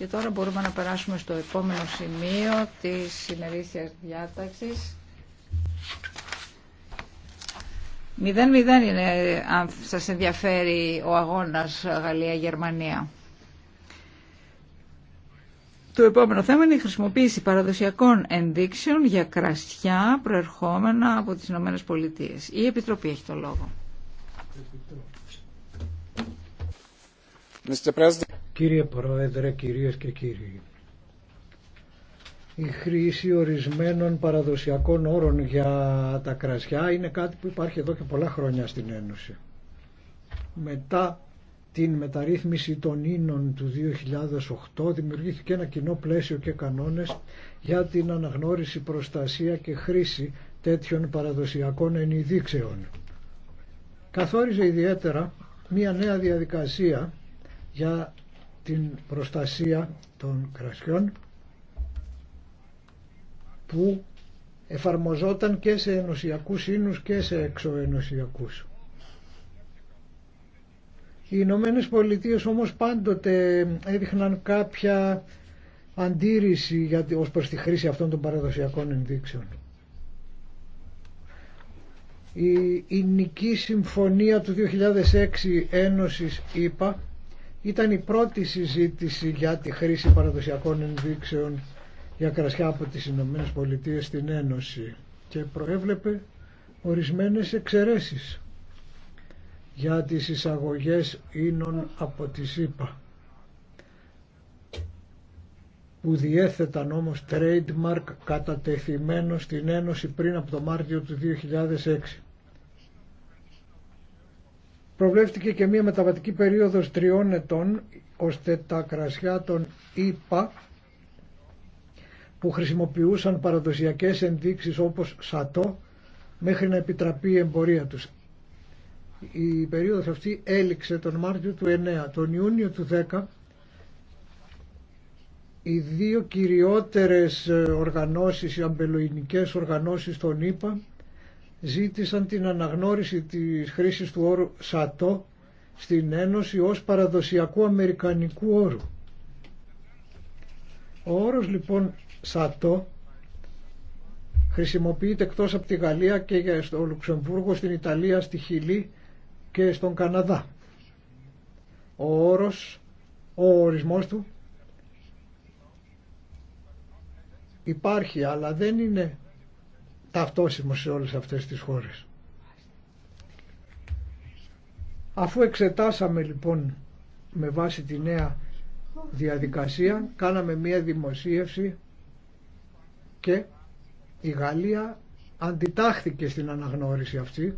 Και τώρα μπορούμε να περάσουμε στο επόμενο σημείο της συνερήσιας διάταξης. Μηδέν-μηδέν είναι αν σας ενδιαφέρει ο αγώνας Γαλλία-Γερμανία. Το επόμενο θέμα είναι η χρησιμοποίηση παραδοσιακών ενδείξεων για κρασιά προερχόμενα από τις Ηνωμένες Πολιτείες. Η Επιτροπή έχει το λόγο. Mr. Κύριε Πρόεδρε, κυρίες και κύριοι, η χρήση ορισμένων παραδοσιακών όρων για τα κρασιά είναι κάτι που υπάρχει εδώ και πολλά χρόνια στην Ένωση. Μετά την μεταρρύθμιση των ίνων του 2008 δημιουργήθηκε ένα κοινό πλαίσιο και κανόνες για την αναγνώριση, προστασία και χρήση τέτοιων παραδοσιακών ενειδίξεων. Καθόριζε ιδιαίτερα μία νέα διαδικασία για την προστασία των κρασιών που εφαρμοζόταν και σε ενωσιακούς ίνους και σε εξωενωσιακούς. Οι Ηνωμένε Πολιτείε όμως πάντοτε έδειχναν κάποια αντίρρηση γιατί ως προς τη χρήση αυτών των παραδοσιακών ενδείξεων. Η Ινική Συμφωνία του 2006 Ένωσης ΕΠΑ ήταν η πρώτη συζήτηση για τη χρήση παραδοσιακών ενδείξεων για κρασιά από τις Ηνωμένες Πολιτείες στην Ένωση και προέβλεπε ορισμένες εξαιρέσεις για τις εισαγωγές ίνων από τη ΣΥΠΑ που διέθεταν όμως trademark κατατεθειμένο στην Ένωση πριν από το Μάρτιο του 2006. Προβλέφτηκε και μία μεταβατική περίοδος τριών ετών ώστε τα κρασιά των ΙΠΑ που χρησιμοποιούσαν παραδοσιακές ενδείξεις όπως σατό μέχρι να επιτραπεί η εμπορία τους. Η περίοδος αυτή έληξε τον Μάρτιο του 9. Τον Ιούνιο του 10 οι δύο κυριότερες ε, οργανώσεις, οι αμπελοϊνικές οργανώσεις των ΙΠΑ ζήτησαν την αναγνώριση της χρήσης του όρου ΣΑΤΟ στην Ένωση ως παραδοσιακού αμερικανικού όρου. Ο όρος λοιπόν ΣΑΤΟ χρησιμοποιείται εκτός από τη Γαλλία και στο Λουξεμβούργο, στην Ιταλία, στη Χιλή και στον Καναδά. Ο όρος, ο ορισμός του υπάρχει αλλά δεν είναι ταυτόσιμο σε όλες αυτές τις χώρες. Αφού εξετάσαμε λοιπόν με βάση τη νέα διαδικασία, κάναμε μία δημοσίευση και η Γαλλία αντιτάχθηκε στην αναγνώριση αυτή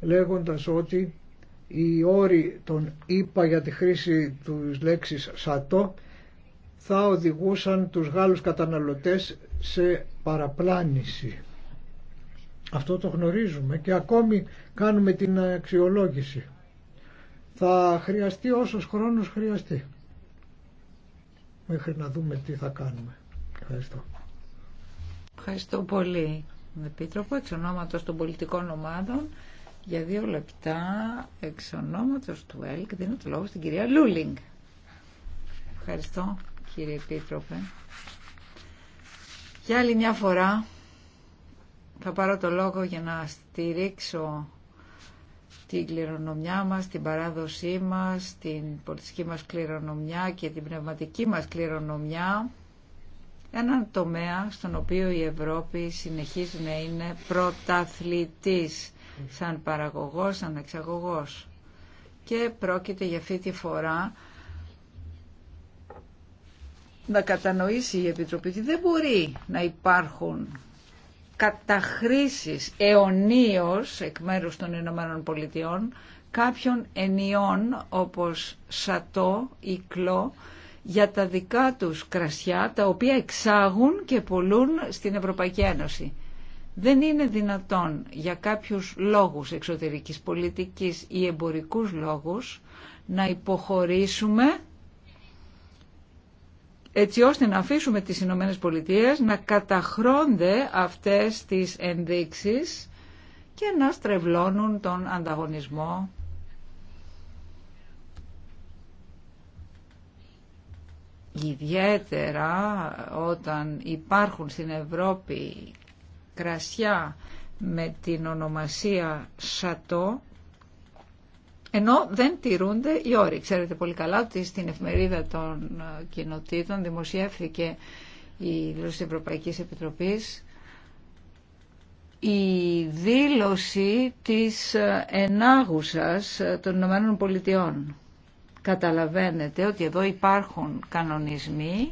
λέγοντας ότι οι όροι των ΙΠΑ για τη χρήση του λέξης σατό θα οδηγούσαν τους Γάλλους καταναλωτές σε παραπλάνηση. Αυτό το γνωρίζουμε και ακόμη κάνουμε την αξιολόγηση. Θα χρειαστεί όσος χρόνος χρειαστεί. Μέχρι να δούμε τι θα κάνουμε. Ευχαριστώ. Ευχαριστώ πολύ. Επίτροπο, εξ ονόματος των πολιτικών ομάδων, για δύο λεπτά, εξ ονόματος του ΕΛΚ, δίνω το λόγο στην κυρία Λούλινγκ. Ευχαριστώ, κύριε Επίτροπε. Για άλλη μια φορά, θα πάρω το λόγο για να στηρίξω την κληρονομιά μας, την παράδοσή μας, την πολιτική μας κληρονομιά και την πνευματική μας κληρονομιά. Έναν τομέα στον οποίο η Ευρώπη συνεχίζει να είναι πρωταθλητής σαν παραγωγός, σαν εξαγωγός. Και πρόκειται για αυτή τη φορά να κατανοήσει η Επιτροπή ότι δεν μπορεί να υπάρχουν καταχρήσεις αιωνίως εκ μέρους των Ηνωμένων Πολιτειών κάποιων ενιών όπως σατό ή κλό για τα δικά τους κρασιά τα οποία εξάγουν και πολλούν στην Ευρωπαϊκή Ένωση. Δεν είναι δυνατόν για κάποιους λόγους εξωτερικής πολιτικής ή εμπορικούς λόγους να υποχωρήσουμε έτσι ώστε να αφήσουμε τις Ηνωμένε Πολιτείες να καταχρώνται αυτές τις ενδείξεις και να στρεβλώνουν τον ανταγωνισμό ιδιαίτερα όταν υπάρχουν στην Ευρώπη κρασιά με την ονομασία Σατό ενώ δεν τηρούνται οι όροι. Ξέρετε πολύ καλά ότι στην εφημερίδα των ε, κοινοτήτων δημοσιεύθηκε η δήλωση της Ευρωπαϊκής Επιτροπής η δήλωση της ε, ενάγουσας ε, των Ηνωμένων Πολιτειών. Καταλαβαίνετε ότι εδώ υπάρχουν κανονισμοί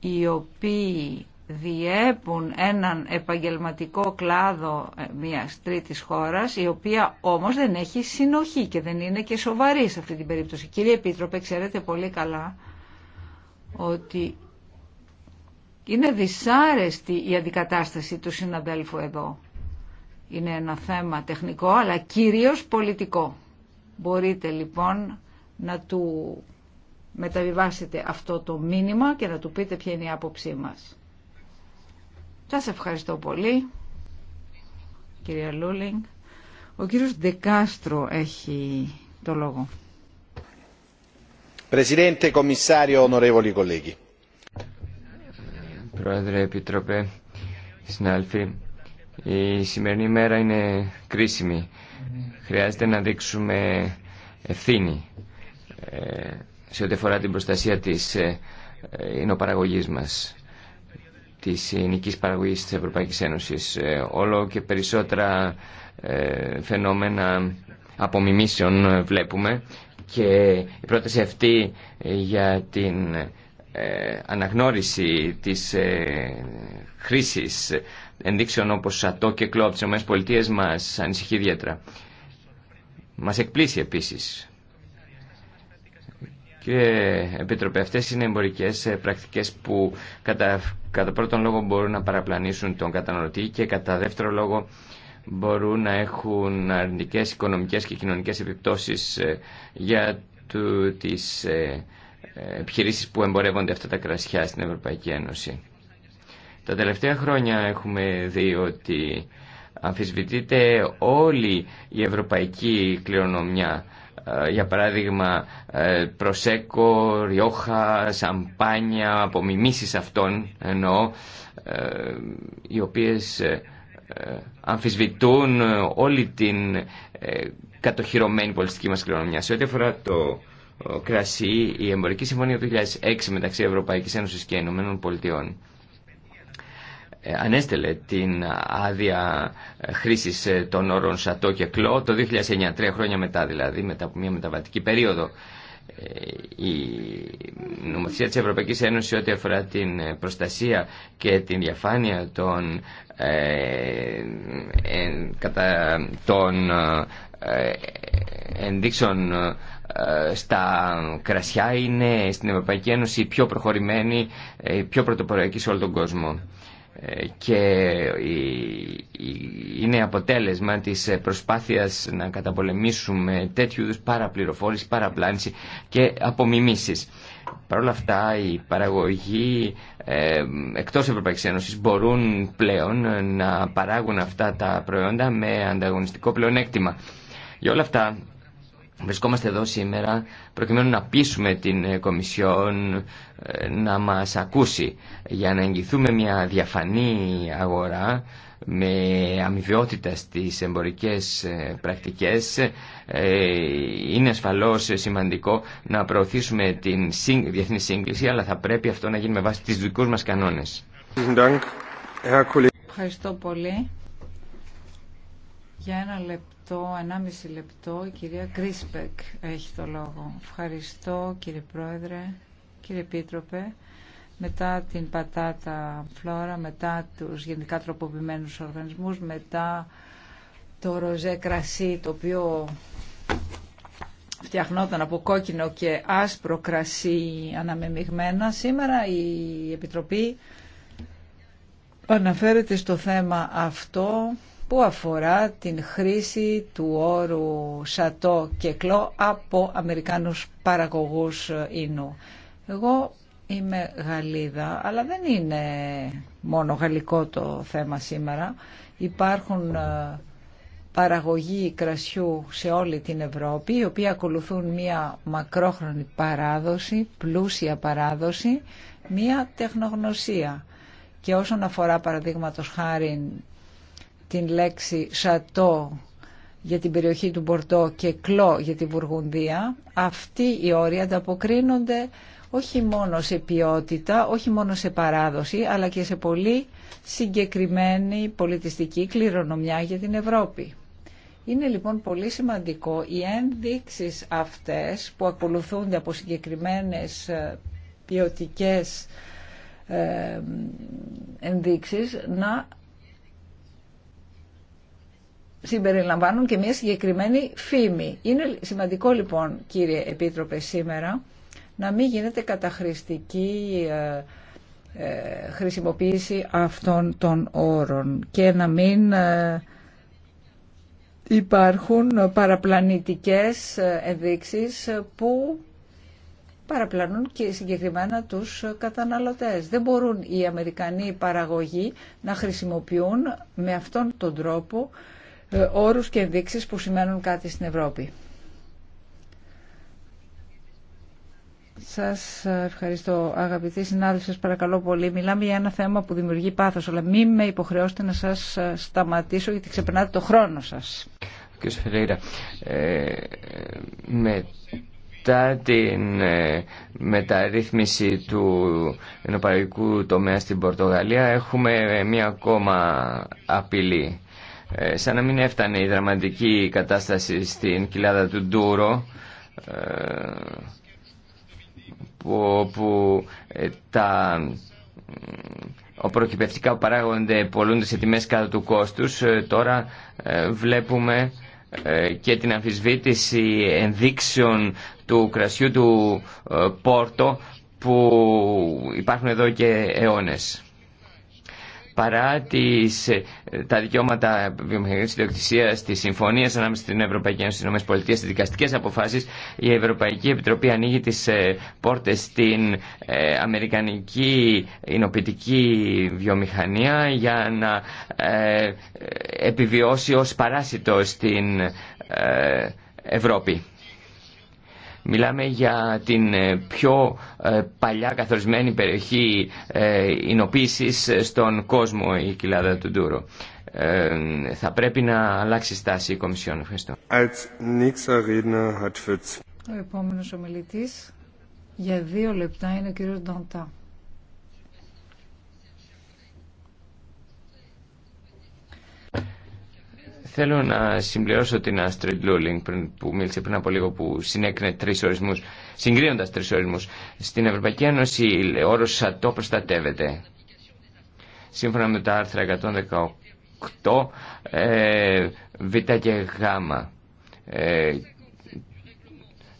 οι οποίοι διέπουν έναν επαγγελματικό κλάδο ε, μιας τρίτης χώρας η οποία όμως δεν έχει συνοχή και δεν είναι και σοβαρή σε αυτή την περίπτωση. Κύριε Επίτροπε, ξέρετε πολύ καλά ότι είναι δυσάρεστη η αντικατάσταση του συναδέλφου εδώ. Είναι ένα θέμα τεχνικό αλλά κυρίως πολιτικό. Μπορείτε λοιπόν να του μεταβιβάσετε αυτό το μήνυμα και να του πείτε ποια είναι η άποψή μας. Σας ευχαριστώ πολύ, κυρία Λούλινγκ. Ο κύριος Δεκάστρο έχει το λόγο. Πρόεδρε, Επιτροπέ, συνάλφοι, η σημερινή μέρα είναι κρίσιμη. Χρειάζεται να δείξουμε ευθύνη ε, σε ό,τι αφορά την προστασία της ενοπαραγωγής ε, μας της ελληνικής παραγωγής της Ευρωπαϊκής Ένωσης. Ε, όλο και περισσότερα ε, φαινόμενα απομιμήσεων ε, βλέπουμε και η πρόταση αυτή για την αναγνώριση της χρήσης ενδείξεων όπως σατό και κλό από τις μας ανησυχεί ιδιαίτερα. Μας εκπλήσει επίσης Κύριε Επίτροπε, αυτές είναι εμπορικές ε, πρακτικές που κατά, κατά πρώτον λόγο μπορούν να παραπλανήσουν τον καταναλωτή και κατά δεύτερο λόγο μπορούν να έχουν αρνητικές οικονομικές και κοινωνικές επιπτώσεις ε, για του, τις ε, επιχειρήσεις που εμπορεύονται αυτά τα κρασιά στην Ευρωπαϊκή Ένωση. Τα τελευταία χρόνια έχουμε δει ότι αμφισβητείται όλη η ευρωπαϊκή κληρονομιά ε, για παράδειγμα ε, προσέκο, ριόχα, σαμπάνια, απομιμήσεις αυτών εννοώ, ε, οι οποίες αμφισβητούν όλη την κατοχυρωμένη πολιτική μας κληρονομιά. Σε ό,τι αφορά το κρασί, η εμπορική συμφωνία του 2006 μεταξύ Ευρωπαϊκής Ένωσης και Ηνωμένων Πολιτειών ε, ανέστελε την άδεια χρήση ε, των όρων Σατό και Κλό το 2009, τρία χρόνια μετά δηλαδή, μετά από μια μεταβατική περίοδο. Ε, η νομοθεσία της Ευρωπαϊκής Ένωσης ό,τι αφορά την προστασία και την διαφάνεια των, ε, κατά, των ε, ενδείξεων στα κρασιά είναι στην Ευρωπαϊκή Ένωση η πιο προχωρημένη, η πιο πρωτοποριακή σε όλο τον κόσμο και είναι αποτέλεσμα της προσπάθειας να καταπολεμήσουμε τέτοιου είδους παραπληροφόρηση, παραπλάνηση και απομιμήσεις. Παρ' όλα αυτά οι παραγωγοί ε, εκτός Ευρωπαϊκής Ένωσης μπορούν πλέον να παράγουν αυτά τα προϊόντα με ανταγωνιστικό πλεονέκτημα. Για όλα αυτά Βρισκόμαστε εδώ σήμερα προκειμένου να πείσουμε την ε, Κομισιόν ε, να μας ακούσει για να εγγυθούμε μια διαφανή αγορά με αμοιβαιότητα στις εμπορικές ε, πρακτικές. Είναι ασφαλώς σημαντικό να προωθήσουμε την διεθνή σύγκληση αλλά θα πρέπει αυτό να γίνει με βάση τις δικούς μας κανόνες. Ευχαριστώ πολύ. Για ένα λεπτό λεπτό, 1,5 λεπτό η κυρία Κρίσπεκ έχει το λόγο. Ευχαριστώ κύριε Πρόεδρε, κύριε Επίτροπε. Μετά την πατάτα φλόρα, μετά τους γενικά τροποποιημένους οργανισμούς, μετά το ροζέ κρασί το οποίο φτιαχνόταν από κόκκινο και άσπρο κρασί αναμεμειγμένα. Σήμερα η Επιτροπή αναφέρεται στο θέμα αυτό που αφορά την χρήση του όρου σατό και κλό από Αμερικάνους παραγωγούς ίνου. Εγώ είμαι Γαλλίδα, αλλά δεν είναι μόνο γαλλικό το θέμα σήμερα. Υπάρχουν ε, παραγωγή κρασιού σε όλη την Ευρώπη, οι οποίοι ακολουθούν μία μακρόχρονη παράδοση, πλούσια παράδοση, μία τεχνογνωσία. Και όσον αφορά παραδείγματο χάρη την λέξη «σατό» για την περιοχή του Μπορτό και «κλό» για τη Βουργουνδία, αυτοί οι όροι ανταποκρίνονται όχι μόνο σε ποιότητα, όχι μόνο σε παράδοση, αλλά και σε πολύ συγκεκριμένη πολιτιστική κληρονομιά για την Ευρώπη. Είναι λοιπόν πολύ σημαντικό οι ένδειξεις αυτές που ακολουθούνται από συγκεκριμένες ε, ποιοτικές ε, ενδείξεις να συμπεριλαμβάνουν και μια συγκεκριμένη φήμη. Είναι σημαντικό λοιπόν κύριε Επίτροπε σήμερα να μην γίνεται καταχρηστική ε, ε, χρησιμοποίηση αυτών των όρων και να μην ε, υπάρχουν παραπλανητικές ενδείξεις που παραπλανούν και συγκεκριμένα τους καταναλωτές. Δεν μπορούν οι Αμερικανοί παραγωγοί να χρησιμοποιούν με αυτόν τον τρόπο ε, όρους και ενδείξεις που σημαίνουν κάτι στην Ευρώπη. Σας ευχαριστώ αγαπητοί συνάδελφοι, σας παρακαλώ πολύ. Μιλάμε για ένα θέμα που δημιουργεί πάθος, αλλά μην με υποχρεώσετε να σας ε, σταματήσω γιατί ξεπερνάτε το χρόνο σας. Κύριε Φερέιρα, ε, μετά την μεταρρύθμιση του ενοπαραγωγικού τομέα στην Πορτογαλία έχουμε μία ακόμα απειλή ε, σαν να μην έφτανε η δραματική κατάσταση στην κοιλάδα του Ντούρο ε, που, όπου ε, τα προκυπευτικά που παράγονται πολλούνται σε τιμές κάτω του κόστους τώρα βλέπουμε και την αμφισβήτηση ενδείξεων του κρασιού του Πόρτο που υπάρχουν εδώ και αιώνες παρά τις, ε, τα δικαιώματα βιομηχανικής ιδιοκτησίας της συμφωνίας ανάμεσα στην Ευρωπαϊκή Ένωση και ΗΠΑ στις δικαστικές αποφάσεις η Ευρωπαϊκή Επιτροπή ανοίγει τις ε, πόρτες στην ε, Αμερικανική εινοποιητική βιομηχανία για να επιβιώσει ως παράσιτο στην Ευρώπη. Μιλάμε για την ε, πιο ε, παλιά καθορισμένη περιοχή ε, εινοποίησης στον κόσμο η κοιλάδα του Ντούρο. θα πρέπει να αλλάξει στάση η Κομισιόν. Ευχαριστώ. Ο για δύο λεπτά είναι ο κύριος Θέλω να συμπληρώσω την Astrid Luling που μίλησε πριν από λίγο που συνέκρινε τρει ορισμού, συγκρίνοντα τρει ορισμού. Στην Ευρωπαϊκή Ένωση ο όρο ΣΑΤΟ προστατεύεται. Σύμφωνα με τα άρθρα 118 ε, Β και Γ. Ε,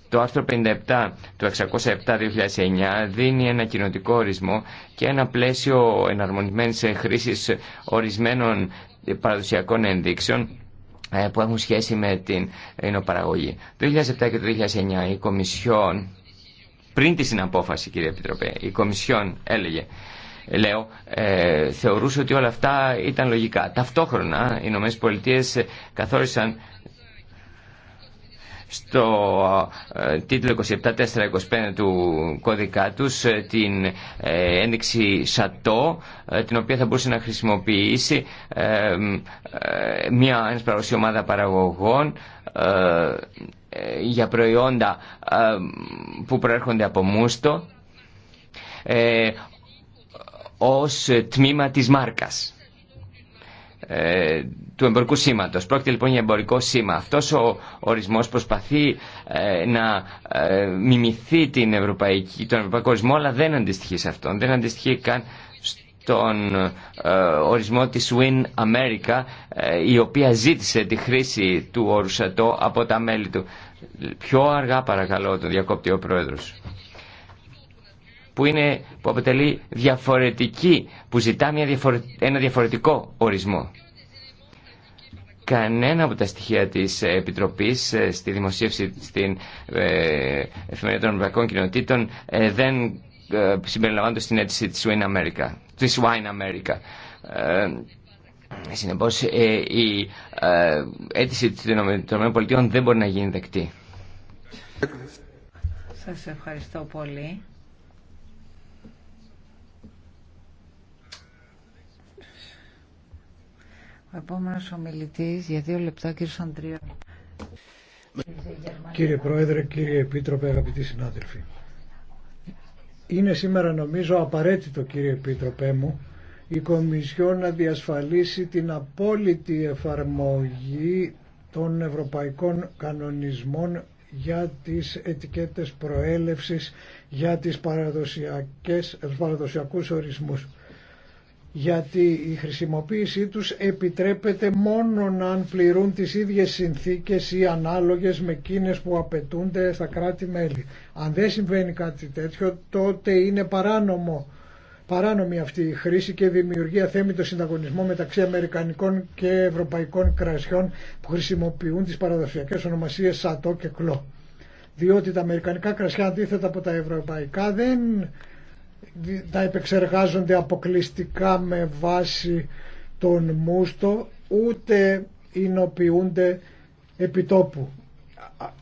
το άρθρο 57 του 607-2009 δίνει ένα κοινοτικό ορισμό και ένα πλαίσιο εναρμονισμένης χρήσης ορισμένων παραδοσιακών ενδείξεων ε, που έχουν σχέση με την εινοπαραγωγή. Το 2007 και το 2009 η Κομισιόν, πριν τη συναπόφαση κύριε Επιτροπέ, η Κομισιόν έλεγε, λέω, ε, θεωρούσε ότι όλα αυτά ήταν λογικά. Ταυτόχρονα οι νομές Πολιτείες καθόρισαν στο ε, τίτλο 27.4.25 του κώδικά τους ε, την ε, ένδειξη σατό την οποία θα μπορούσε να χρησιμοποιήσει μια ένας ομάδα παραγωγών για προϊόντα που προέρχονται από μούστο ως τμήμα της μάρκας ε, του εμπορικού σήματος. Πρόκειται λοιπόν για εμπορικό σήμα. Αυτός ο ορισμός προσπαθεί ε, να ε, μιμηθεί την ευρωπαϊκή, τον ευρωπαϊκό ορισμό, αλλά δεν αντιστοιχεί σε αυτόν. Δεν αντιστοιχεί καν τον ε, ορισμό της Win America ε, η οποία ζήτησε τη χρήση του ορουσατό από τα μέλη του. Πιο αργά παρακαλώ τον Διακόπτη ο Πρόεδρος που, είναι, που αποτελεί διαφορετική, που ζητά μια διαφορε, ένα διαφορετικό ορισμό. Κανένα από τα στοιχεία της Επιτροπής ε, στη δημοσίευση στην ε, Εφημερίδα των Ευρωπαϊκών Κοινοτήτων ε, δεν ε, συμπεριλαμβάνονται στην αίτηση της Wine America. Της Wine America. Ε, συνεπώς ε, η αίτηση των ΗΠΑ δεν μπορεί να γίνει δεκτή. Σας ευχαριστώ πολύ. Ο επόμενος ομιλητής για δύο λεπτά, κύριε Σαντρία. Κύριε Πρόεδρε, κύριε Επίτροπε, αγαπητοί συνάδελφοι. Είναι σήμερα νομίζω απαραίτητο κύριε Επίτροπέ μου η Κομισιόν να διασφαλίσει την απόλυτη εφαρμογή των ευρωπαϊκών κανονισμών για τις ετικέτες προέλευσης, για τις παραδοσιακές, τους παραδοσιακούς ορισμούς γιατί η χρησιμοποίησή τους επιτρέπεται μόνο αν πληρούν τις ίδιες συνθήκες ή ανάλογες με εκείνες που απαιτούνται στα κράτη-μέλη. Αν δεν συμβαίνει κάτι τέτοιο τότε είναι παράνομο. Παράνομη αυτή η χρήση και δημιουργεί αθέμητο συνταγωνισμό μεταξύ Αμερικανικών και Ευρωπαϊκών κρασιών που χρησιμοποιούν τις παραδοσιακές ονομασίες Σατό και Κλό. Διότι τα Αμερικανικά κρασιά αντίθετα από τα Ευρωπαϊκά δεν τα επεξεργάζονται αποκλειστικά με βάση τον μούστο ούτε εινοποιούνται επιτόπου.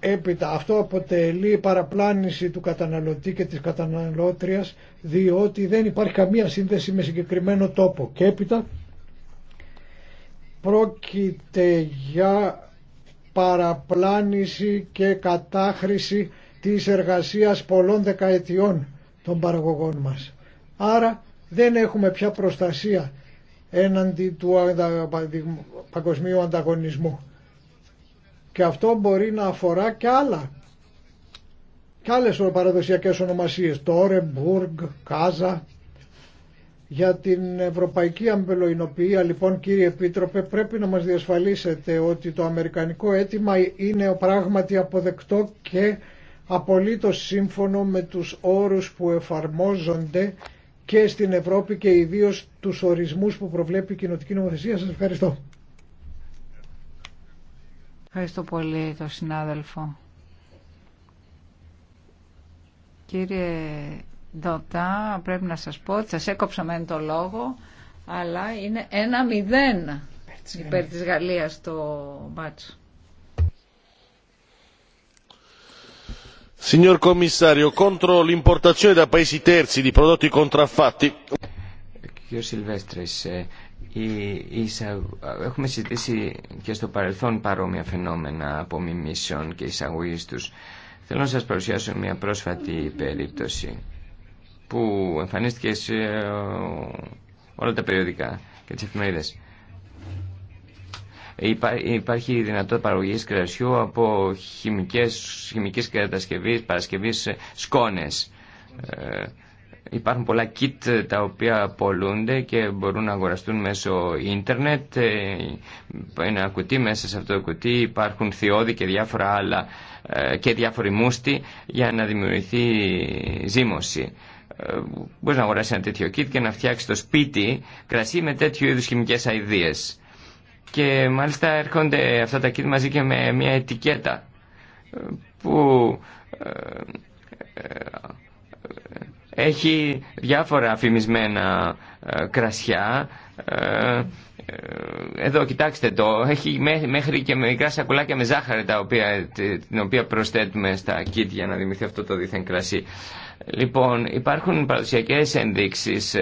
Έπειτα αυτό αποτελεί παραπλάνηση του καταναλωτή και της καταναλώτριας διότι δεν υπάρχει καμία σύνδεση με συγκεκριμένο τόπο. Και έπειτα πρόκειται για παραπλάνηση και κατάχρηση της εργασίας πολλών δεκαετιών των παραγωγών μας. Άρα δεν έχουμε πια προστασία έναντι του παγκοσμίου ανταγωνισμού. Και αυτό μπορεί να αφορά και άλλα και άλλες παραδοσιακές ονομασίες, το Κάζα. Για την ευρωπαϊκή αμπελοεινοποιία λοιπόν κύριε Επίτροπε πρέπει να μας διασφαλίσετε ότι το αμερικανικό αίτημα είναι πράγματι αποδεκτό και απολύτως σύμφωνο με τους όρους που εφαρμόζονται και στην Ευρώπη και ιδίως τους ορισμούς που προβλέπει η κοινοτική νομοθεσία. Σας ευχαριστώ. Ευχαριστώ πολύ τον συνάδελφο. Κύριε Δότα, πρέπει να σας πω ότι σας έκοψα μεν το λόγο, αλλά είναι ένα μηδέν υπέρ της Γαλλίας το μπάτσο. Signor Commissario, contro l'importazione da di prodotti contraffatti. Σιλβέστρης, ε, έχουμε συζητήσει και στο παρελθόν παρόμοια φαινόμενα απομιμήσεων και εισαγωγή του. Θέλω να σα παρουσιάσω μια πρόσφατη περίπτωση που εμφανίστηκε σε ε, όλα τα περιοδικά και τι εφημερίδες. Υπάρχει δυνατότητα παραγωγής κρασιού από χημικές, χημικής κατασκευής, παρασκευής σκόνες. Ε, υπάρχουν πολλά kit τα οποία πολλούνται και μπορούν να αγοραστούν μέσω ίντερνετ. Ε, ένα κουτί μέσα σε αυτό το κουτί υπάρχουν θειώδη και διάφορα άλλα ε, και διάφοροι μούστι για να δημιουργηθεί ζύμωση. Ε, Μπορεί να αγοράσει ένα τέτοιο kit και να φτιάξει το σπίτι κρασί με τέτοιου είδου χημικέ αειδίε και μάλιστα έρχονται αυτά τα kit μαζί και με μια ετικέτα ε, που ε, ε, έχει διάφορα αφημισμένα κρασιά εδώ κοιτάξτε το έχει μέχρι και μικρά σακουλάκια με ζάχαρη τα οποία, την οποία προσθέτουμε στα κίτ για να δημιουργηθεί αυτό το δίθεν κρασί λοιπόν υπάρχουν παραδοσιακές ενδείξεις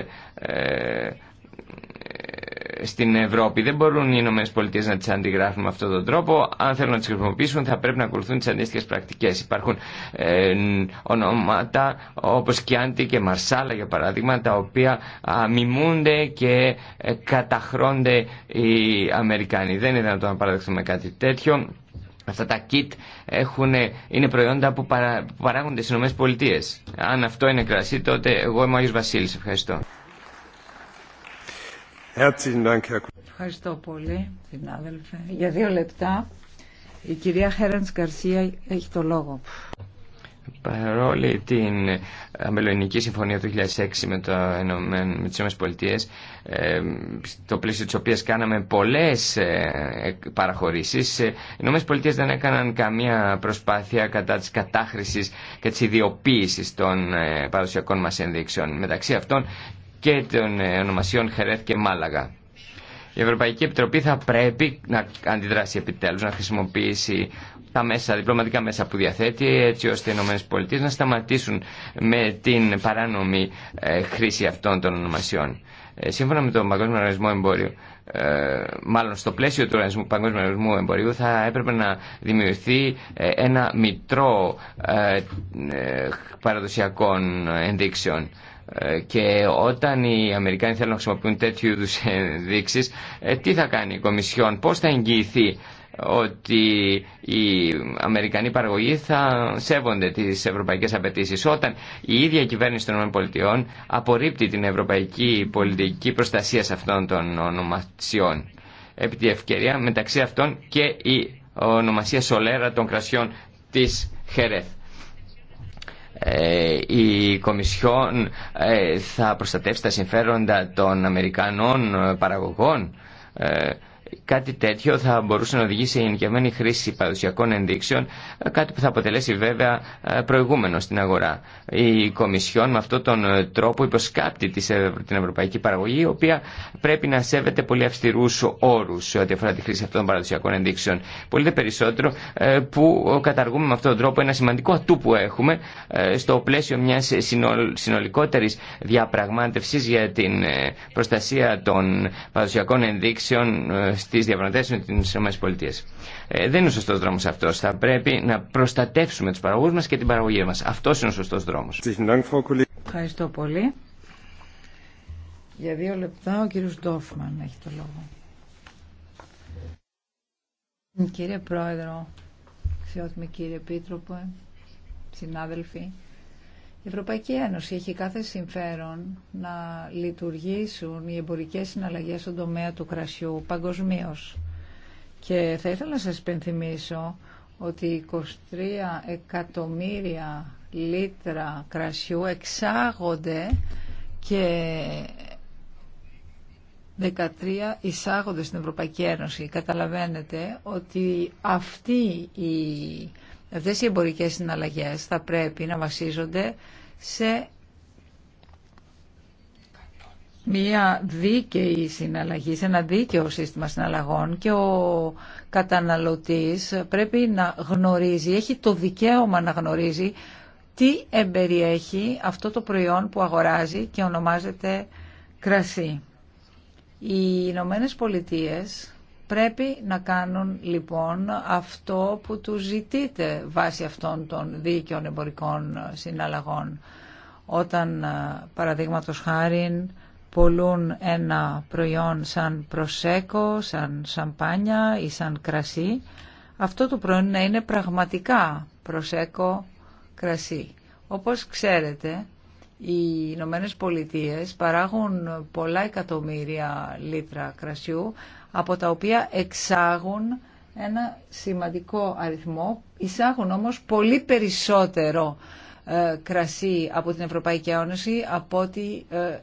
στην Ευρώπη. Δεν μπορούν οι Πολιτείε να τι αντιγράφουν με αυτόν τον τρόπο. Αν θέλουν να τι χρησιμοποιήσουν, θα πρέπει να ακολουθούν τι αντίστοιχε πρακτικέ. Υπάρχουν ε, ονόματα όπω Κιάντι και Μαρσάλα, για παράδειγμα, τα οποία μιμούνται και ε, καταχρώνται οι Αμερικανοί. Δεν είναι δυνατόν να παραδεχθούμε κάτι τέτοιο. Αυτά τα kit έχουν, είναι προϊόντα που, παράγονται στι ΗΠΑ. Αν αυτό είναι κρασί, τότε εγώ είμαι ο Άγιος Βασίλης. Ευχαριστώ. Ευχαριστώ πολύ, συνάδελφε. Για δύο λεπτά, η κυρία Χέρενς Καρσία έχει το λόγο. Παρόλη την Αμελονική ε, Συμφωνία του 2006 με, το, με τις ΗΠΑ, ε, στο πλαίσιο της οποίας κάναμε πολλές ε, παραχωρήσεις, οι ΗΠΑ δεν έκαναν καμία προσπάθεια κατά της κατάχρησης και της ιδιοποίησης των παραδοσιακών μας ενδείξεων. Μεταξύ αυτών και των ε, ονομασιών Χερέθ και Μάλαγα. Η Ευρωπαϊκή Επιτροπή θα πρέπει να αντιδράσει επιτέλους, να χρησιμοποιήσει τα μέσα, διπλωματικά μέσα που διαθέτει, έτσι ώστε οι ΗΠΑ να σταματήσουν με την παράνομη ε, χρήση αυτών των ονομασιών. Ε, σύμφωνα με τον Παγκόσμιο Οργανισμό Εμπόριου, μάλλον στο πλαίσιο του Παγκόσμιου Οργανισμού Εμπορίου, θα έπρεπε να δημιουργηθεί ένα μητρό παραδοσιακών ενδείξεων ε, και όταν οι Αμερικάνοι θέλουν να χρησιμοποιούν τέτοιου είδου ενδείξει, ε, τι θα κάνει η Κομισιόν, πώ θα εγγυηθεί ότι οι Αμερικανοί παραγωγοί θα σέβονται τι ευρωπαϊκέ απαιτήσει Όταν η ίδια κυβέρνηση των ΗΠΑ απορρίπτει την ευρωπαϊκή πολιτική προστασία σε αυτών των ονομασιών. Επί τη ευκαιρία μεταξύ αυτών και η ονομασία σολέρα των κρασιών της Χερέθ. Ε, η Κομισιόν ε, θα προστατεύσει τα συμφέροντα των Αμερικανών ε, παραγωγών κάτι τέτοιο θα μπορούσε να οδηγήσει σε γενικευμένη χρήση παραδοσιακών ενδείξεων, ε, κάτι που θα αποτελέσει βέβαια ε, προηγούμενο στην αγορά. Η Κομισιόν με αυτόν τον ε, τρόπο υποσκάπτει την ευρωπαϊκή παραγωγή, η οποία πρέπει να σέβεται πολύ αυστηρού όρου ό,τι αφορά τη χρήση αυτών των παραδοσιακών ενδείξεων. Πολύ περισσότερο που καταργούμε με αυτόν τον τρόπο ένα σημαντικό ατού που έχουμε στο πλαίσιο μια συνολικότερη διαπραγμάτευση για την προστασία των παραδοσιακών ενδείξεων στι διαπραγματεύσει με τι ΗΠΑ. Ε, δεν είναι ο σωστό δρόμο αυτό. Θα πρέπει να προστατεύσουμε του παραγωγού μα και την παραγωγή μα. Αυτό είναι ο σωστό δρόμο. Ευχαριστώ πολύ. Για δύο λεπτά ο κύριος Ντόφμαν έχει το λόγο. Κύριε Πρόεδρο, αξιότιμη κύριε Επίτροπο, συνάδελφοι, η Ευρωπαϊκή Ένωση έχει κάθε συμφέρον να λειτουργήσουν οι εμπορικές συναλλαγές στον τομέα του κρασιού παγκοσμίω. Και θα ήθελα να σας πενθυμίσω ότι 23 εκατομμύρια λίτρα κρασιού εξάγονται και 13 εισάγονται στην Ευρωπαϊκή Ένωση. Καταλαβαίνετε ότι αυτή η Αυτές οι εμπορικές συναλλαγές θα πρέπει να βασίζονται σε μια δίκαιη συναλλαγή, σε ένα δίκαιο σύστημα συναλλαγών και ο καταναλωτής πρέπει να γνωρίζει, έχει το δικαίωμα να γνωρίζει τι εμπεριέχει αυτό το προϊόν που αγοράζει και ονομάζεται κρασί. Οι Ηνωμένε Πολιτείες πρέπει να κάνουν λοιπόν αυτό που τους ζητείτε βάσει αυτών των δίκαιων εμπορικών συναλλαγών. Όταν παραδείγματο χάρη πολλούν ένα προϊόν σαν προσέκο, σαν σαμπάνια ή σαν κρασί, αυτό το προϊόν να είναι πραγματικά προσέκο κρασί. Όπως ξέρετε, οι Ηνωμένε Πολιτείε παράγουν πολλά εκατομμύρια λίτρα κρασιού, από τα οποία εξάγουν ένα σημαντικό αριθμό, εισάγουν όμως πολύ περισσότερο ε, κρασί από την Ευρωπαϊκή Ένωση από ότι ε,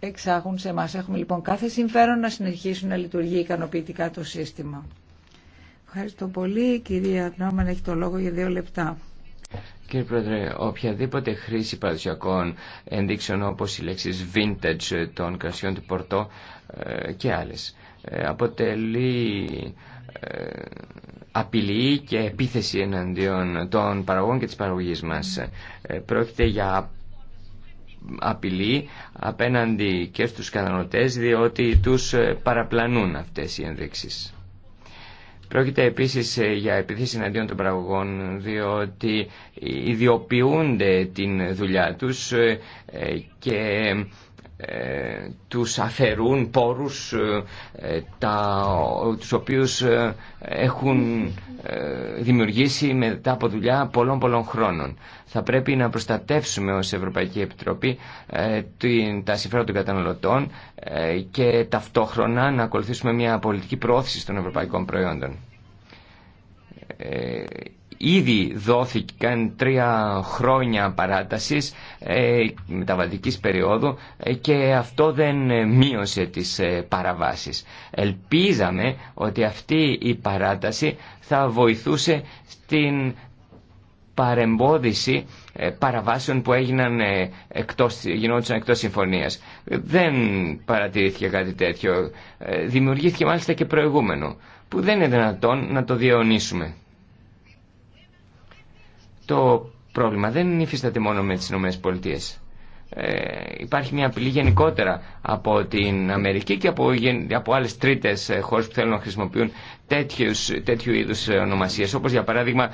εξάγουν σε εμά. Έχουμε λοιπόν κάθε συμφέρον να συνεχίσουν να λειτουργεί ικανοποιητικά το σύστημα. Ευχαριστώ πολύ. κυρία Νόμαν έχει το λόγο για δύο λεπτά. Κύριε Πρόεδρε, οποιαδήποτε χρήση παραδοσιακών ενδείξεων όπως οι λέξεις vintage των κρασιών του Πορτό ε, και άλλες ε, αποτελεί ε, απειλή και επίθεση εναντίον των παραγωγών και της παραγωγής μας. Πρόκειται για απειλή απέναντι και στους κατανοητέ διότι τους παραπλανούν αυτές οι ενδείξεις. Πρόκειται επίσης ε, για επιθέσεις εναντίον των παραγωγών διότι ιδιοποιούνται την δουλειά τους ε, ε, και τους αφαιρούν πόρους ε, τα, τους οποίους ε, έχουν ε, δημιουργήσει μετά από δουλειά πολλών πολλών χρόνων. Θα πρέπει να προστατεύσουμε ως Ευρωπαϊκή Επιτροπή τα συμφέροντα των καταναλωτών και ταυτόχρονα να ακολουθήσουμε μια πολιτική προώθηση των ευρωπαϊκών προϊόντων Ήδη δόθηκαν τρία χρόνια παράτασης ε, περίοδου ε, και αυτό δεν μείωσε τις ε, παραβάσεις. Ελπίζαμε ότι αυτή η παράταση θα βοηθούσε στην παρεμπόδιση ε, παραβάσεων που έγιναν εκτός, γινόντουσαν εκτός συμφωνίας. Δεν παρατηρήθηκε κάτι τέτοιο. Δημιουργήθηκε μάλιστα και προηγούμενο, που δεν είναι δυνατόν να το διαιωνίσουμε. Το πρόβλημα δεν υφίσταται μόνο με τις ΗΠΑ. Ε, υπάρχει μια απειλή γενικότερα από την Αμερική και από, από άλλες τρίτες ε, χώρες που θέλουν να χρησιμοποιούν τέτοιου είδους ονομασίες όπως για παράδειγμα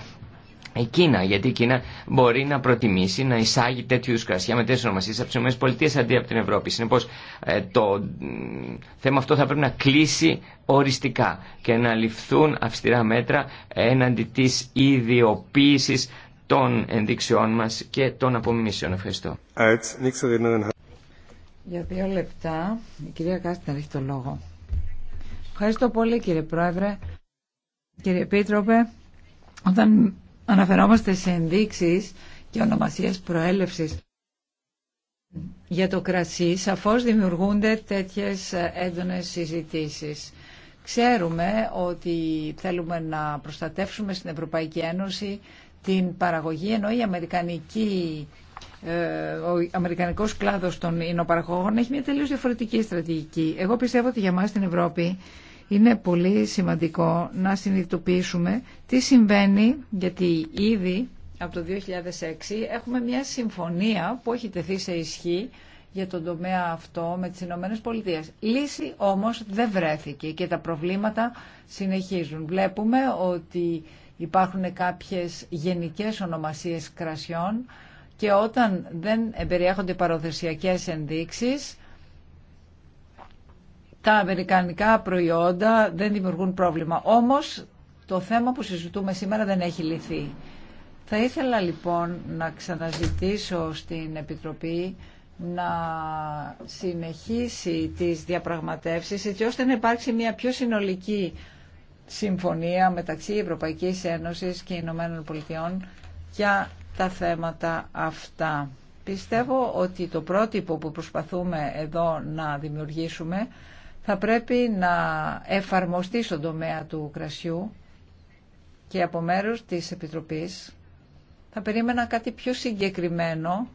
η Κίνα, γιατί η Κίνα μπορεί να προτιμήσει να εισάγει τέτοιου κρασιά με τέτοιες ονομασίες από τι ΗΠΑ αντί από την Ευρώπη. Συνεπώ, ε, το θέμα αυτό θα πρέπει να κλείσει οριστικά και να ληφθούν αυστηρά μέτρα έναντι τη ιδιοποίηση των ενδείξεών μας και των απομιμήσεων. Ευχαριστώ. Για δύο λεπτά, η κυρία Κάστα έχει το λόγο. Ευχαριστώ πολύ κύριε Πρόεδρε. Κύριε Επίτροπε, όταν αναφερόμαστε σε ενδείξεις και ονομασίες προέλευσης για το κρασί, σαφώς δημιουργούνται τέτοιες έντονες συζητήσεις. Ξέρουμε ότι θέλουμε να προστατεύσουμε στην Ευρωπαϊκή Ένωση την παραγωγή, ενώ η ε, ο Αμερικανικό κλάδο των ινοπαραγωγών έχει μια τελείως διαφορετική στρατηγική. Εγώ πιστεύω ότι για μας στην Ευρώπη είναι πολύ σημαντικό να συνειδητοποιήσουμε τι συμβαίνει, γιατί ήδη από το 2006 έχουμε μια συμφωνία που έχει τεθεί σε ισχύ για τον τομέα αυτό με τις Ηνωμένες Πολιτείες. Λύση όμως δεν βρέθηκε και τα προβλήματα συνεχίζουν. Βλέπουμε ότι Υπάρχουν κάποιες γενικές ονομασίες κρασιών και όταν δεν περιέχονται παροδοσιακές ενδείξεις, τα αμερικανικά προϊόντα δεν δημιουργούν πρόβλημα. Όμως το θέμα που συζητούμε σήμερα δεν έχει λυθεί. Θα ήθελα λοιπόν να ξαναζητήσω στην Επιτροπή να συνεχίσει τις διαπραγματεύσεις έτσι ώστε να υπάρξει μια πιο συνολική συμφωνία μεταξύ Ευρωπαϊκής Ένωσης και Ηνωμένων Πολιτειών για τα θέματα αυτά. Πιστεύω ότι το πρότυπο που προσπαθούμε εδώ να δημιουργήσουμε θα πρέπει να εφαρμοστεί στον τομέα του κρασιού και από μέρους της Επιτροπής θα περίμενα κάτι πιο συγκεκριμένο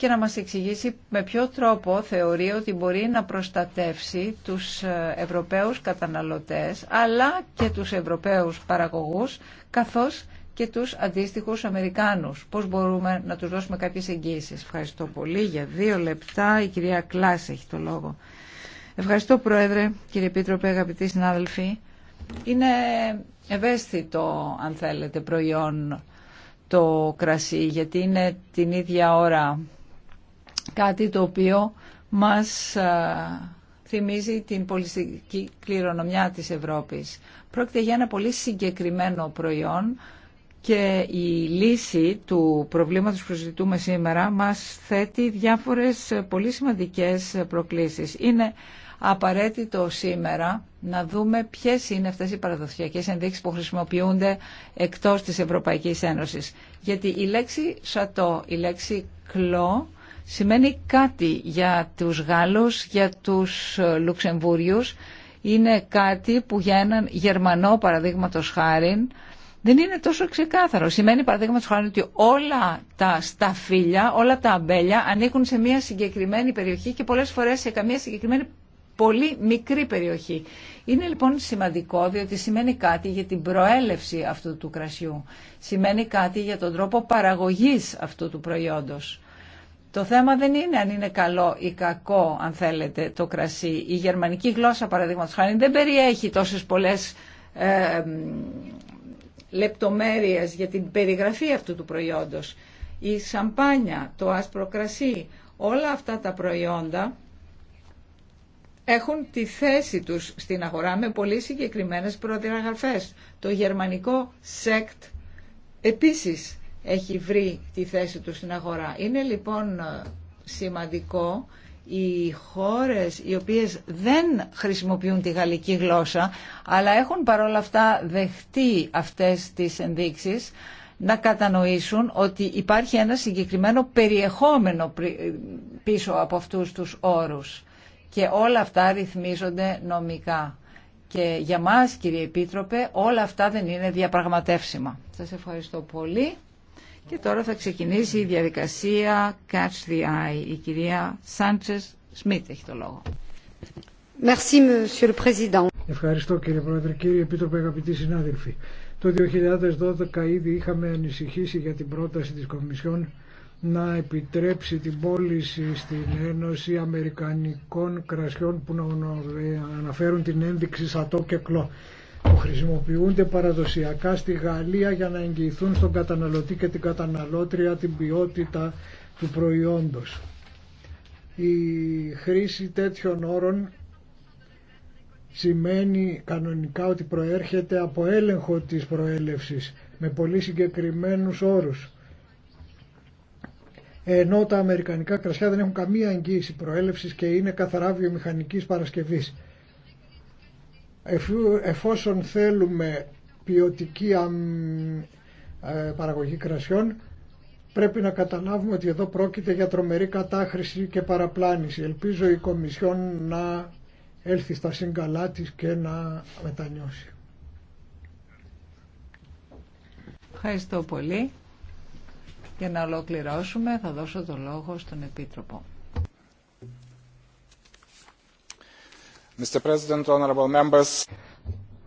και να μας εξηγήσει με ποιο τρόπο θεωρεί ότι μπορεί να προστατεύσει τους ε, Ευρωπαίους καταναλωτές αλλά και τους Ευρωπαίους παραγωγούς καθώς και τους αντίστοιχους Αμερικάνους. Πώς μπορούμε να τους δώσουμε κάποιες εγγύησεις. Ευχαριστώ πολύ. Για δύο λεπτά η κυρία Κλάς έχει το λόγο. Ευχαριστώ Πρόεδρε, κύριε Επίτροπε, αγαπητοί συνάδελφοι. Είναι ευαίσθητο, αν θέλετε, προϊόν το κρασί, γιατί είναι την ίδια ώρα κάτι το οποίο μας θυμίζει την πολιτική κληρονομιά της Ευρώπης. Πρόκειται για ένα πολύ συγκεκριμένο προϊόν και η λύση του προβλήματος που συζητούμε σήμερα μας θέτει διάφορες πολύ σημαντικές προκλήσεις. Είναι απαραίτητο σήμερα να δούμε ποιες είναι αυτές οι παραδοσιακές ενδείξεις που χρησιμοποιούνται εκτός της Ευρωπαϊκής Ένωσης. Γιατί η λέξη σατό, η λέξη κλό σημαίνει κάτι για τους Γάλλους, για τους ε, Λουξεμβούριους. Είναι κάτι που για έναν Γερμανό παραδείγματος χάριν δεν είναι τόσο ξεκάθαρο. Σημαίνει παραδείγματος χάριν ότι όλα τα σταφύλια, όλα τα αμπέλια ανήκουν σε μια συγκεκριμένη περιοχή και πολλές φορές σε καμία συγκεκριμένη πολύ μικρή περιοχή. Είναι λοιπόν σημαντικό διότι σημαίνει κάτι για την προέλευση αυτού του κρασιού. Σημαίνει κάτι για τον τρόπο παραγωγής αυτού του προϊόντος. Το θέμα δεν είναι αν είναι καλό ή κακό, αν θέλετε, το κρασί. Η γερμανική γλώσσα, παραδείγματος χάρη, δεν περιέχει τόσες πολλές ε, λεπτομέρειες για την περιγραφή αυτού του προϊόντος. Η σαμπάνια, το άσπρο κρασί, όλα αυτά τα προϊόντα έχουν τη θέση τους στην αγορά με πολύ συγκεκριμένες προδιαγραφές. Το γερμανικό σεκτ επίσης έχει βρει τη θέση του στην αγορά. Είναι λοιπόν σημαντικό οι χώρες οι οποίες δεν χρησιμοποιούν τη γαλλική γλώσσα αλλά έχουν παρόλα αυτά δεχτεί αυτές τις ενδείξεις να κατανοήσουν ότι υπάρχει ένα συγκεκριμένο περιεχόμενο πίσω από αυτούς τους όρους και όλα αυτά ρυθμίζονται νομικά. Και για μας κύριε Επίτροπε όλα αυτά δεν είναι διαπραγματεύσιμα. Σας ευχαριστώ πολύ. Και τώρα θα ξεκινήσει η διαδικασία Catch the Eye. Η κυρία Σάντσες Σμιτ έχει το λόγο. Ευχαριστώ κύριε Πρόεδρε, κύριε Επίτροπε, αγαπητοί συνάδελφοι. Το 2012 ήδη είχαμε ανησυχήσει για την πρόταση της Κομισιόν να επιτρέψει την πώληση στην Ένωση Αμερικανικών κρασιών που να αναφέρουν την ένδειξη σατό και κλό που χρησιμοποιούνται παραδοσιακά στη Γαλλία για να εγγυηθούν στον καταναλωτή και την καταναλώτρια την ποιότητα του προϊόντος. Η χρήση τέτοιων όρων σημαίνει κανονικά ότι προέρχεται από έλεγχο της προέλευσης με πολύ συγκεκριμένους όρους. Ενώ τα αμερικανικά κρασιά δεν έχουν καμία εγγύηση προέλευσης και είναι καθαρά βιομηχανικής παρασκευής εφόσον θέλουμε ποιοτική ε, παραγωγή κρασιών πρέπει να καταλάβουμε ότι εδώ πρόκειται για τρομερή κατάχρηση και παραπλάνηση. Ελπίζω η Κομισιόν να έλθει στα σύγκαλά της και να μετανιώσει. Ευχαριστώ πολύ. Για να ολοκληρώσουμε θα δώσω το λόγο στον Επίτροπο. Mr. President,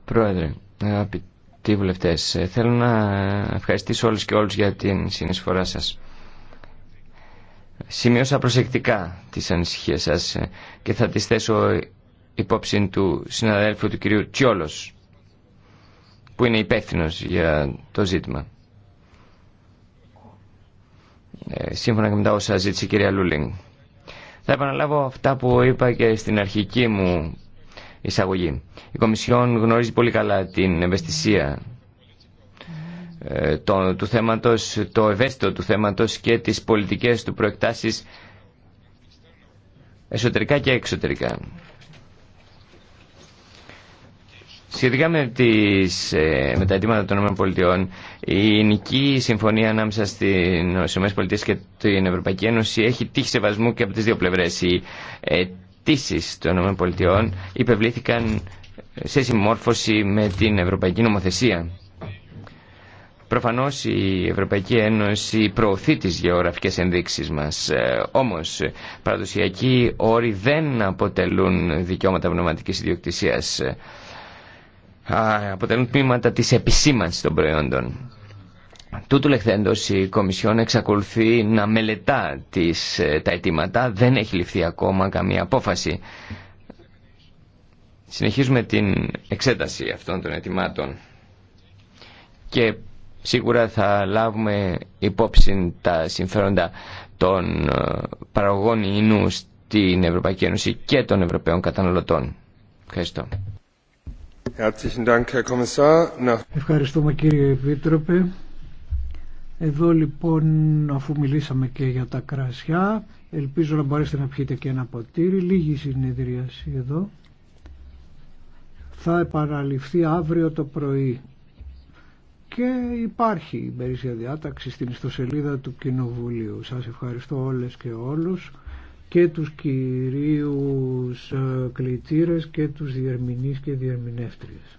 Πρόεδρε, αγαπητοί βουλευτές, θέλω να ευχαριστήσω όλους και όλους για την συνεισφορά σας. Σημείωσα προσεκτικά τις ανησυχίες σας και θα τις θέσω υπόψη του συναδέλφου του κυρίου Τσιόλος, που είναι υπεύθυνο για το ζήτημα. Ε, σύμφωνα και με τα όσα ζήτησε η κυρία Λούλινγκ. Θα επαναλάβω αυτά που είπα και στην αρχική μου εισαγωγή. Η Κομισιόν γνωρίζει πολύ καλά την ευαισθησία ε, το, του θέματος, το ευαίσθητο του θέματος και τις πολιτικές του προεκτάσεις εσωτερικά και εξωτερικά. Σχετικά με, τις, ε, με τα αιτήματα των ΗΠΑ, η νική συμφωνία ανάμεσα στις ΗΠΑ και την Ευρωπαϊκή Ένωση έχει τύχει σεβασμού και από τις δύο πλευρές. Ε, πτήσεις των ΗΠΑ υπευλήθηκαν σε συμμόρφωση με την Ευρωπαϊκή Νομοθεσία. Προφανώς η Ευρωπαϊκή Ένωση προωθεί τις γεωγραφικές ενδείξεις μας. Ε, όμως, παραδοσιακοί όροι δεν αποτελούν δικαιώματα πνευματικής ιδιοκτησίας. Ε, αποτελούν τμήματα της επισήμανσης των προϊόντων. Τούτου λεχθέντος η Κομισιόν εξακολουθεί να μελετά τις, ε, τα αιτήματα. Δεν έχει ληφθεί ακόμα καμία απόφαση. Συνεχίζουμε την εξέταση αυτών των αιτημάτων και σίγουρα θα λάβουμε υπόψη τα συμφέροντα των ε, παραγωγών ίνου στην Ευρωπαϊκή Ένωση και των Ευρωπαίων καταναλωτών. Ευχαριστώ. Ευχαριστούμε κύριε Επίτροπε. Εδώ λοιπόν αφού μιλήσαμε και για τα κρασιά ελπίζω να μπορέσετε να πιείτε και ένα ποτήρι. Λίγη συνεδρίαση εδώ. Θα επαναληφθεί αύριο το πρωί και υπάρχει η περίσσια διάταξη στην ιστοσελίδα του Κοινοβουλίου. Σας ευχαριστώ όλες και όλους και τους κυρίους ε, κλητήρες και τους διερμηνείς και διερμηνεύτριες.